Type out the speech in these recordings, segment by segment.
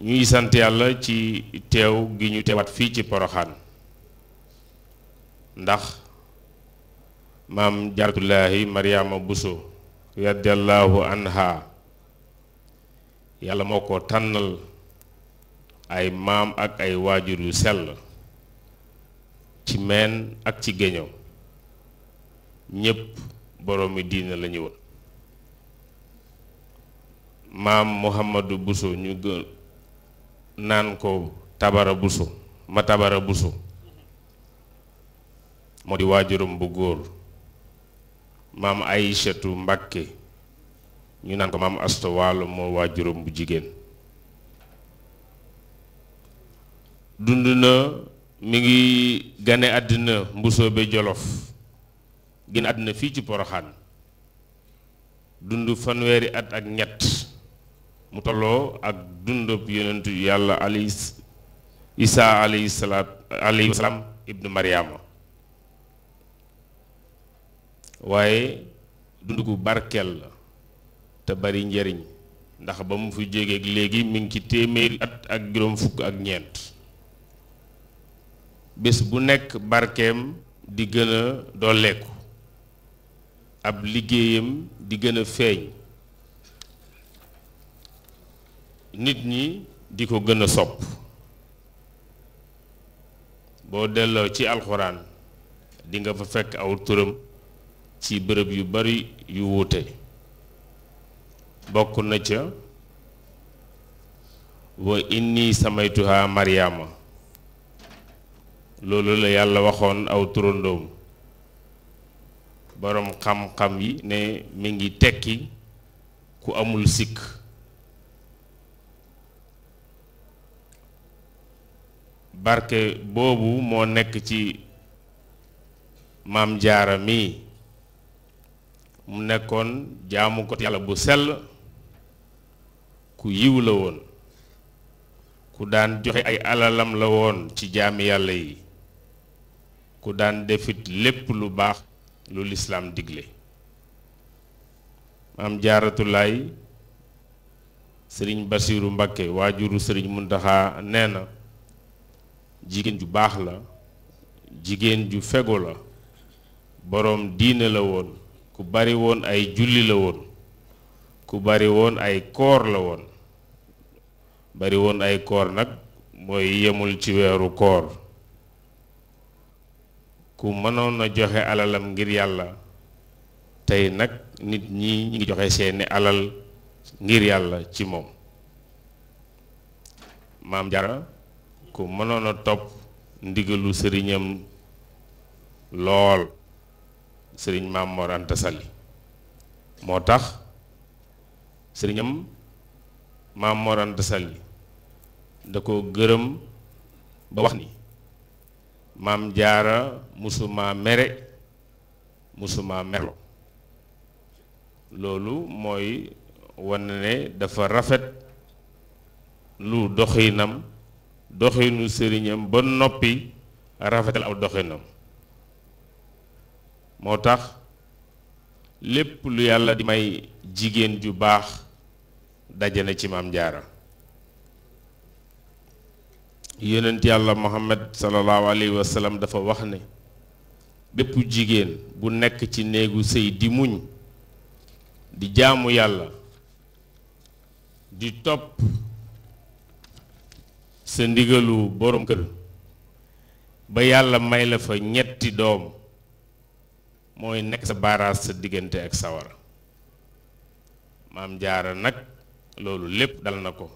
ñuy sant yàlla ci teew gi ñu teewaat fii ci poroxaan ndax maam jaaratullaahi maryaama buso radiallahu anha yàlla moo ko tànnal ay maam ak ay waajur yu sell ci meen ak ci géño ñépp boroomi diina lañu woon maam muhammadu buso ñu gën naan ko tabara busu ma tabara busu moo di waajuram bu góor maam Aysatu Mbàkke ñu naan ko maam Asta Waalo moo waajuram bu jigéen dund na mi ngi gane àddina mbusoobe jolof gën àddina fii ci poroxaan dund fanweeri at ak ñett mu tolloo ak dundub yonentu yàlla ali isa alayhi salaat ibnu mariama waaye dund gu barkeel la te bari njariñ ndax ba mu fi jógeek léegi mi ngi ci téeméeri at ak juróom fukk ak ñeent bés bu nekk barkeem di gën a ab liggéeyam di gën a feeñ nit ñi di ko gën a sopp boo delloo ci alxuraan dinga nga fa fekk aw turam ci bërëb yu bari yu wuute bokk na ca wa inni samaytuha maryaama loolu la yàlla waxoon aw turandoom boroom xam-xam yi ne mi ngi tekki ku amul sikk barke boobu moo nekk ci maam jaara mii mu nekkoon jaamu ko yàlla bu sell ku yiw la woon ku daan joxe ay alalam la woon ci jaami yàlla yi ku daan defit lépp lu baax lu lislaam digle maam jaaratulaay sëriñ basiiru mbakke waajuru sëriñ muntaxa nee na jigéen ju baax la jigéen ju fegu la boroom diine la woon ku bari woon ay julli la woon ku bari woon ay koor la woon bari woon ay koor nag mooy yemul ci weeru koor ku mënoon a joxe alalam ngir yàlla tey nag nit ñi ñi joxe seeni alal ngir yàlla ci moom maam jara ku mënoon a topp ndigalu sëriñam lool sëriñ Maam Mor Anta moo tax sëriñam Maam Mor Anta da ko gërëm ba wax ni maam jaara musuma mere musuma merlo loolu mooy wane ne dafa rafet lu doxinam doxinu sëriñam ba noppi rafetal aw doxinam moo tax lépp lu yàlla di may jigéen ju baax dajane na ci maam jaara yonent yàlla muhammad sallallahu alayhi wa sallam dafa wax ne bépp jigéen bu nekk ci néegu sëy di muñ di jaamu yàlla di topp sa ndigalu borom kër ba yàlla may la fa ñetti doom mooy nekk sa baaraas sa diggante ak sawar maam jaara nag loolu lépp dal na ko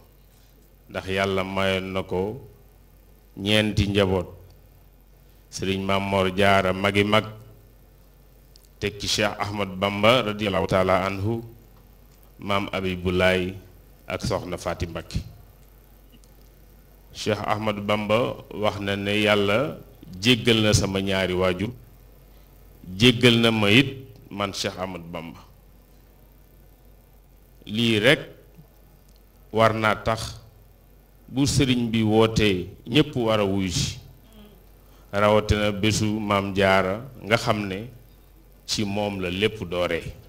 ndax yàlla mayoon na ko ñeenti njaboot sëriñ maam Mor jaara magi mag tekki Cheikh Ahmad Bamba radiallahu taala anhu maam Abibulaay ak soxna Faati Mbakki Cheikh Ahmadou Bamba wax na ne yàlla jéggal na sama ñaari waajur jéggal na ma it man Cheikh Ahmadou Bamba lii rekk war naa tax bu sëriñ bi wootee ñépp war wuyu si rawatina bésu maam jaara nga xam ne ci moom la lépp dooree